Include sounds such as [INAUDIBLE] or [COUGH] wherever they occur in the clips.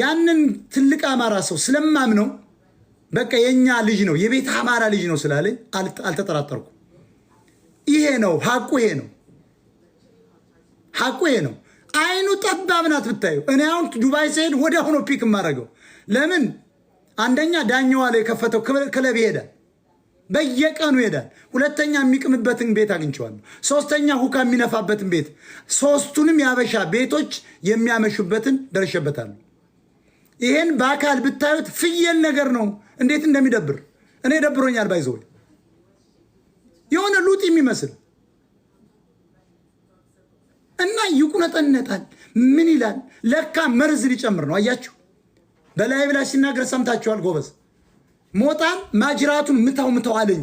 ያንን ትልቅ አማራ ሰው ስለማምነው በቃ የእኛ ልጅ ነው የቤት አማራ ልጅ ነው ስላለኝ አልተጠራጠርኩም። ይሄ ነው ሀቁ፣ ይሄ ነው ሀቁ፣ ይሄ ነው። አይኑ ጠባብ ናት ብታዩ። እኔ አሁን ዱባይ ስሄድ ወደ አሁኖ ፒክ የማደርገው ለምን አንደኛ ዳኛዋ ላይ የከፈተው ክለብ ይሄዳል፣ በየቀኑ ይሄዳል። ሁለተኛ የሚቅምበትን ቤት አግኝቼዋለሁ። ሶስተኛ ሁካ የሚነፋበትን ቤት፣ ሶስቱንም ያበሻ ቤቶች የሚያመሹበትን ደርሼበታለሁ። ይሄን በአካል ብታዩት ፍየል ነገር ነው። እንዴት እንደሚደብር እኔ ደብሮኛል። ባይዘው የሆነ ሉጥ የሚመስል እና ይቁነጠነጣል። ምን ይላል? ለካ መርዝ ሊጨምር ነው። አያችሁ፣ በላይ ብላ ሲናገር ሰምታችኋል። ጎበዝ ሞጣን ማጅራቱን ምታው ምታው አለኝ።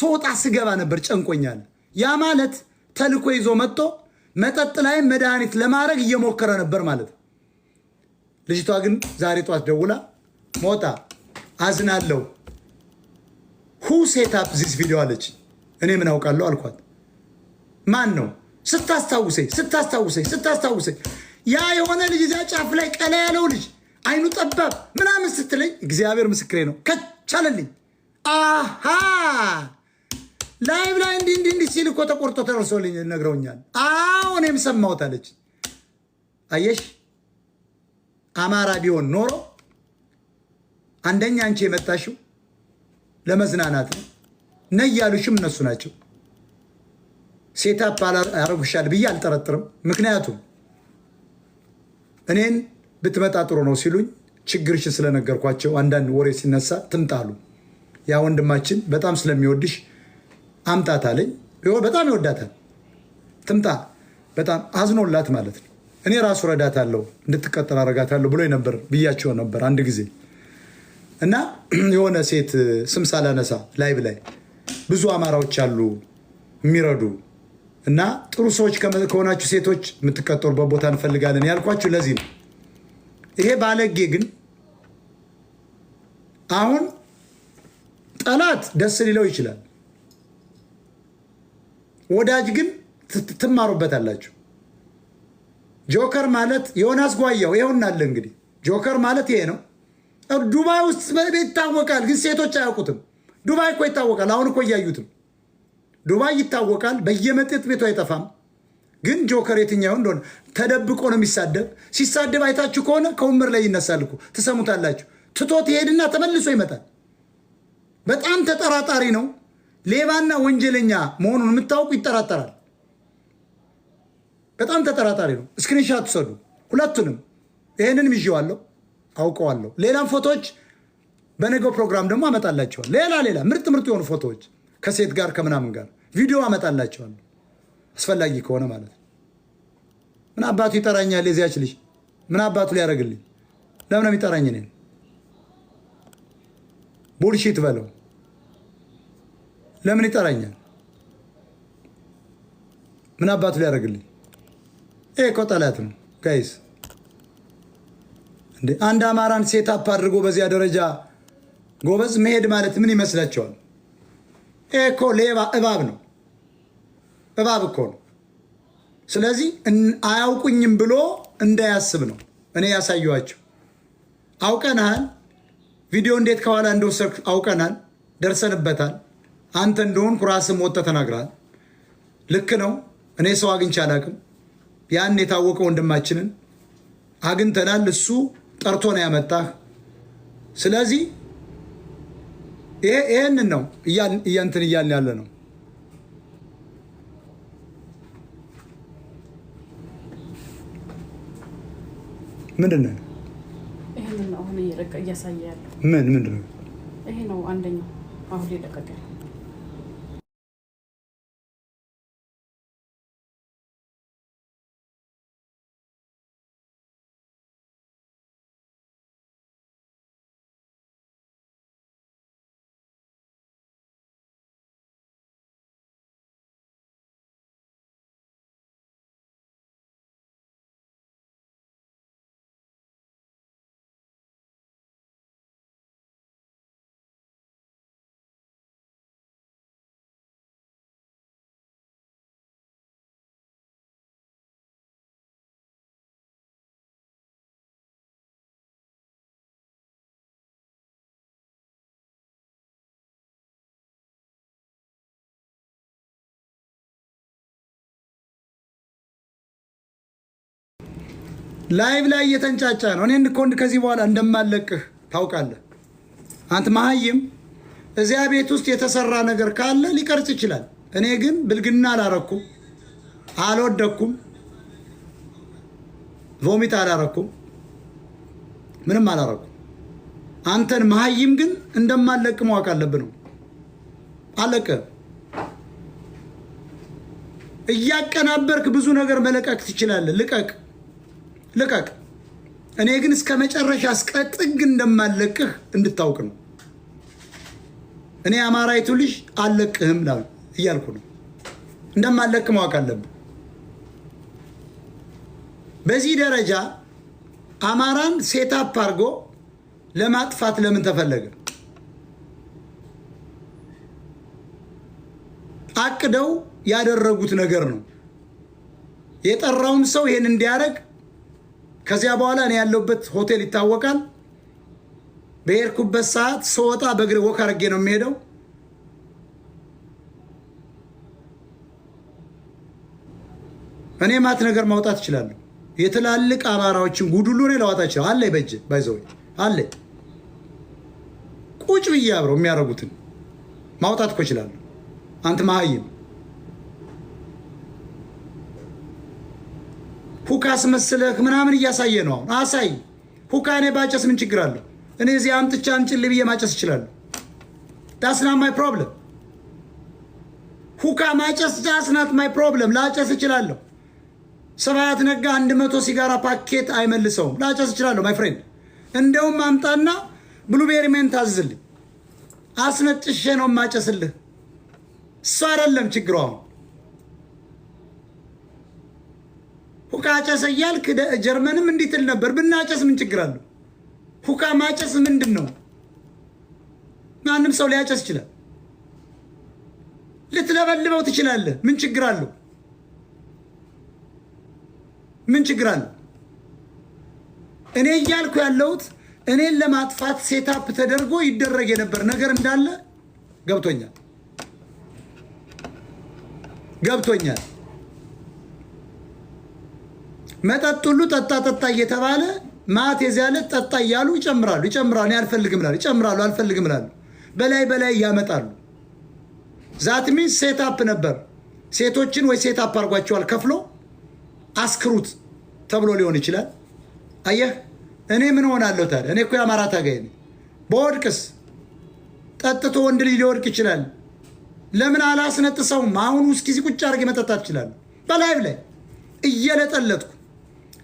ሶጣ ስገባ ነበር ጨንቆኛል። ያ ማለት ተልኮ ይዞ መጥቶ መጠጥ ላይ መድኃኒት ለማድረግ እየሞከረ ነበር ማለት ነው። ልጅቷ ግን ዛሬ ጠዋት ደውላ ሞጣ አዝናለሁ ሁ ሴት አፕ ዚስ ቪዲዮ አለች። እኔ ምን አውቃለሁ አልኳት። ማን ነው ስታስታውሰኝ ስታስታውሰኝ ስታስታውሰኝ ያ የሆነ ልጅ እዚያ ጫፍ ላይ ቀላ ያለው ልጅ አይኑ ጠባብ ምናምን ስትለኝ እግዚአብሔር ምስክሬ ነው ከቻለልኝ። አሀ ላይቭ ላይ እንዲህ እንዲህ ሲል እኮ ተቆርጦ ተደርሶልኝ ነግረውኛል። አዎ እኔም ሰማሁት አለች። አየሽ አማራ ቢሆን ኖሮ አንደኛ አንቺ የመጣሽው ለመዝናናት ነው። ነይ ያሉሽም እነሱ ናቸው። ሴት ሴታፕ አረጉሻል ብዬ አልጠረጥርም። ምክንያቱም እኔን ብትመጣ ጥሩ ነው ሲሉኝ ችግርሽ ስለነገርኳቸው አንዳንድ ወሬ ሲነሳ ትምጣሉ። ያ ወንድማችን በጣም ስለሚወድሽ አምጣት አለኝ። በጣም ይወዳታል። ትምጣ። በጣም አዝኖላት ማለት ነው። እኔ ራሱ ረዳታለሁ እንድትቀጠር አረጋታለሁ ብሎ ነበር ብያቸው ነበር አንድ ጊዜ እና [CLEARS THROAT] የሆነ ሴት ስም ሳላነሳ ላይብ ላይ ብዙ አማራዎች አሉ የሚረዱ እና ጥሩ ሰዎች ከሆናችሁ ሴቶች የምትቀጠሩበት ቦታ እንፈልጋለን ያልኳችሁ ለዚህ ነው። ይሄ ባለጌ ግን አሁን ጠላት ደስ ሊለው ይችላል፣ ወዳጅ ግን ትማሩበታላችሁ። ጆከር ማለት የሆነ አስጓያው ይሆናል። እንግዲህ ጆከር ማለት ይሄ ነው። ዱባይ ውስጥ ይታወቃል፣ ግን ሴቶች አያውቁትም። ዱባይ እኮ ይታወቃል። አሁን እኮ እያዩትም ዱባይ ይታወቃል። በየመጠጥ ቤቱ አይጠፋም። ግን ጆከር የትኛው እንደሆነ ተደብቆ ነው የሚሳደብ። ሲሳደብ አይታችሁ ከሆነ ከወንበር ላይ ይነሳል እኮ ትሰሙታላችሁ። ትቶት ይሄድና ተመልሶ ይመጣል። በጣም ተጠራጣሪ ነው። ሌባና ወንጀለኛ መሆኑን የምታውቁ ይጠራጠራል። በጣም ተጠራጣሪ ነው። ስክሪንሻት ሰዱ ሁለቱንም። ይህንንም ይዤዋለሁ አውቀዋለሁ። ሌላም ፎቶዎች በነገው ፕሮግራም ደግሞ አመጣላቸዋል። ሌላ ሌላ ምርጥ ምርጥ የሆኑ ፎቶዎች ከሴት ጋር ከምናምን ጋር ቪዲዮ አመጣላቸዋል። አስፈላጊ ከሆነ ማለት ነው። ምን አባቱ ይጠራኛል? የዚያች ልጅ ምን አባቱ ሊያደርግልኝ? ለምን የሚጠራኝ እኔን? ቡልሺት በለው። ለምን ይጠራኛል? ምን አባቱ ሊያደርግልኝ ይሄ እኮ ጠላት ነው ጋይስ። አንድ አማራን ሴት አፕ አድርጎ በዚያ ደረጃ ጎበዝ መሄድ ማለት ምን ይመስላቸዋል? ይሄ እኮ ሌባ እባብ ነው፣ እባብ እኮ ነው። ስለዚህ አያውቁኝም ብሎ እንዳያስብ ነው እኔ ያሳየኋቸው። አውቀናል፣ ቪዲዮ እንዴት ከኋላ እንደወሰድክ አውቀናል፣ ደርሰንበታል። አንተ እንደሆን ኩራስም ወጥተህ ተናግረሃል። ልክ ነው። እኔ ሰው አግኝቼ አላውቅም። ያን የታወቀ ወንድማችንን አግኝተናል። እሱ ጠርቶ ነው ያመጣህ። ስለዚህ ይህንን ነው እያንትን እያልን ያለ ነው። ምንድን ነው ምን ምንድን ነው? ይሄ ነው አንደኛው አሁን ላይቭ ላይ እየተንጫጫ ነው። እኔን እኮ ከዚህ በኋላ እንደማለቅህ ታውቃለህ። አንተ መሀይም እዚያ ቤት ውስጥ የተሰራ ነገር ካለ ሊቀርጽ ይችላል። እኔ ግን ብልግና አላረኩም፣ አልወደኩም፣ ቮሚት አላረኩም፣ ምንም አላረኩም። አንተን መሀይም ግን እንደማለቅ ማወቅ አለብህ ነው። አለቀ። እያቀናበርክ ብዙ ነገር መለቀቅ ትችላለህ። ልቀቅ። ልቀቅ። እኔ ግን እስከ መጨረሻ እስከ ጥግ እንደማለቅህ እንድታውቅ ነው። እኔ አማራይቱ ልጅ አለቅህም ላሉ እያልኩ ነው። እንደማለቅ ማወቅ አለብህ። በዚህ ደረጃ አማራን ሴታፕ አድርጎ ለማጥፋት ለምን ተፈለገ? አቅደው ያደረጉት ነገር ነው። የጠራውም ሰው ይሄን እንዲያደርግ ከዚያ በኋላ እኔ ያለሁበት ሆቴል ይታወቃል። በሄድኩበት ሰዓት ስወጣ በእግር ወክ አድርጌ ነው የሚሄደው። እኔ ማት ነገር ማውጣት እችላለሁ። የትላልቅ አማራዎችን ጉዱሉ ሁሉ እኔ ላወጣ እችላለሁ። አለ በእጅ ባይዘዎች አለ ቁጭ ብዬ አብረው የሚያደርጉትን ማውጣት እኮ እችላለሁ። አንተ መሀይም ሁካ አስመስለህ ምናምን እያሳየ ነው። አሁን አሳይ ሁካ። እኔ ባጨስ ምን ችግር አለው? እኔ እዚህ አምጥቻ አንጭል ብዬ ማጨስ ይችላሉ። ዳስ ናት ማይ ፕሮብለም። ሁካ ማጨስ ዳስ ናት ማይ ፕሮብለም። ላጨስ እችላለሁ። ስብሐት ነጋ አንድ መቶ ሲጋራ ፓኬት አይመልሰውም። ላጨስ እችላለሁ ማይ ፍሬንድ። እንደውም አምጣና ብሉቤሪ ሜን ታዝልኝ፣ አስነጥሼ ነው ማጨስልህ። እሱ አይደለም ችግሩ አሁን አጨሰ እያልክ ጀርመንም እንዴት ል ነበር። ብናጨስ ምን ችግር አለው? ሁካ ማጨስ ምንድን ነው? ማንም ሰው ሊያጨስ ይችላል። ልትለበልበው ትችላለህ። ምን ችግር አለው? ምን ችግር አለው? እኔ እያልኩ ያለሁት እኔን ለማጥፋት ሴታፕ ተደርጎ ይደረግ የነበር ነገር እንዳለ ገብቶኛል ገብቶኛል። መጠጥ ሁሉ ጠጣ ጠጣ እየተባለ ማት የዚያለ ጠጣ እያሉ ይጨምራሉ ይጨምራሉ እኔ አልፈልግም ይጨምራሉ አልፈልግም ላሉ በላይ በላይ እያመጣሉ ዛት ሚንስ ሴት አፕ ነበር ሴቶችን ወይ ሴት አፕ አድርጓቸዋል ከፍሎ አስክሩት ተብሎ ሊሆን ይችላል አየህ እኔ ምን ሆናለሁ ታዲያ እኔ እኮ የአማራ ታጋይ ነኝ በወድቅስ ጠጥቶ ወንድ ልጅ ሊወድቅ ይችላል ለምን አላስነጥሰውም አሁኑ ውስኪ እዚህ ቁጭ አድርጌ መጠጣት ይችላል በላይ ላይ እየለጠለጥኩ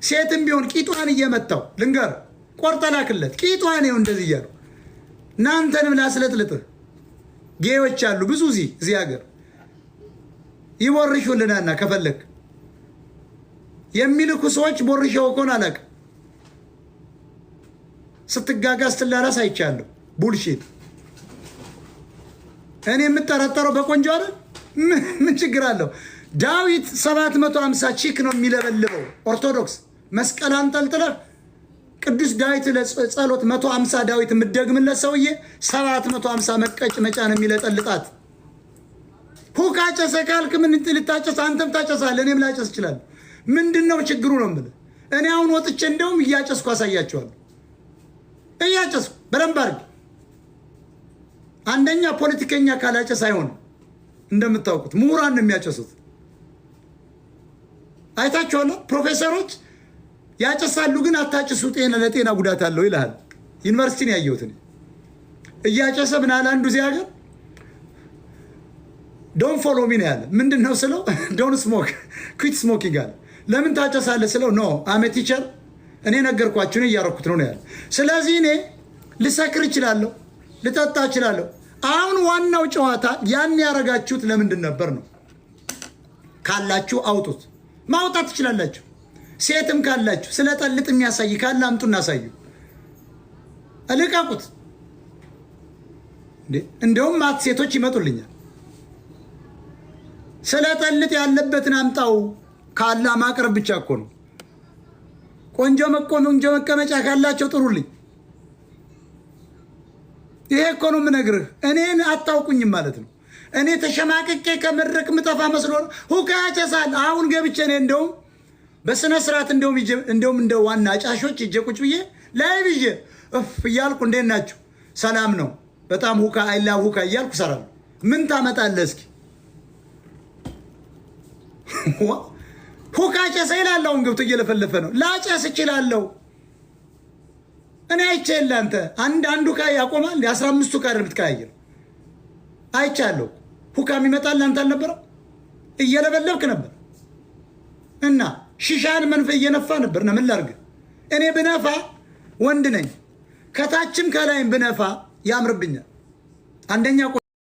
ሴትም ቢሆን ቂጧን እየመታው ልንገር ቆርጠ ላክለት ቂጧን ይኸው እንደዚህ እያሉ እናንተንም ላስለጥልጥህ ጌዎች አሉ ብዙ እዚህ እዚህ ሀገር ይቦርሹልናና ከፈለግ የሚልኩ ሰዎች ቦርሸው እኮን አላቅ ስትጋጋ ስትላላስ አይቻለሁ። ቡልሽት እኔ የምጠረጠረው በቆንጆ አለ ምን ችግር አለው? ዳዊት 750 ቺክ ነው የሚለበልበው ኦርቶዶክስ መስቀል አንጠልጥለህ ቅዱስ ዳዊት መቶ 150 ዳዊት የምትደግምለት ሰውዬ 750 መቀጭ መጫን የሚለጠልጣት ሁካ ጨሰ ካልክ ምን ልታጨስ? አንተም ታጨሳለህ፣ እኔም ላጨስ እችላለሁ። ምንድን ነው ችግሩ ነው የምልህ። እኔ አሁን ወጥቼ እንደውም እያጨስኩ አሳያቸዋለሁ። እያጨስኩ በደንብ አድርግ። አንደኛ ፖለቲከኛ ካላጨስ አይሆንም። እንደምታውቁት ምሁራን ነው የሚያጨሱት። አይታችኋለሁ ፕሮፌሰሮች ያጨሳሉ ግን አታጭሱ፣ ጤና ለጤና ጉዳት አለው ይልሃል። ዩኒቨርሲቲን ያየሁትን እያጨሰ ምን አለ አንዱ እዚህ ሀገር ዶን ፎሎ ሚ ነው ያለ። ምንድን ነው ስለው ዶን ስሞክ ኩዊት ስሞኪንግ አለ። ለምን ታጨሳለ ስለው ኖ አመ ቲቸር እኔ ነገርኳችሁን እያረኩት ነው ነው ያለ። ስለዚህ እኔ ልሰክር እችላለሁ፣ ልጠጣ እችላለሁ። አሁን ዋናው ጨዋታ ያን ያረጋችሁት ለምንድን ነበር ነው ካላችሁ አውጡት። ማውጣት ትችላላችሁ። ሴትም ካላችሁ ስለ ጠልጥ የሚያሳይ ካለ አምጡ እናሳዩ። እልቀቁት። እንደውም ማት ሴቶች ይመጡልኛል። ስለ ጠልጥ ያለበትን አምጣው ካለ ማቅረብ ብቻ እኮ ነው። ቆንጆ እንጆ መቀመጫ ካላቸው ጥሩልኝ። ይሄ እኮ ነው የምነግርህ። እኔን አታውቁኝም ማለት ነው። እኔ ተሸማቅቄ ከምርቅ ምጠፋ መስሎ ሁካ ያጨሳል። አሁን ገብቼ እኔ እንደውም በስነ ስርዓት እንደውም እንደ ዋና አጫሾች እጄ ቁጭ ብዬ ላይ ብዬ እፍ እያልኩ እንዴት ናችሁ? ሰላም ነው። በጣም ሁካ አይላ ሁካ እያልኩ እሰራለሁ። ምን ታመጣለህ እስኪ? [LAUGHS] ሁካ ጨሰ ይላል። አሁን ገብቶ እየለፈለፈ ነው። ላጨስ እችላለሁ እኔ አይቼ ላንተ አንድ አንዱ ካ ያቆማል። የአስራ አምስቱ ካ የምትቀያየር አይቻለሁ። ሁካ የሚመጣል ላንተ አልነበረም? እየለበለብክ ነበር እና ሽሻን መንፈ እየነፋ ነበር። ምን ላርግ እኔ ብነፋ ወንድ ነኝ። ከታችም ከላይም ብነፋ ያምርብኛል። አንደኛ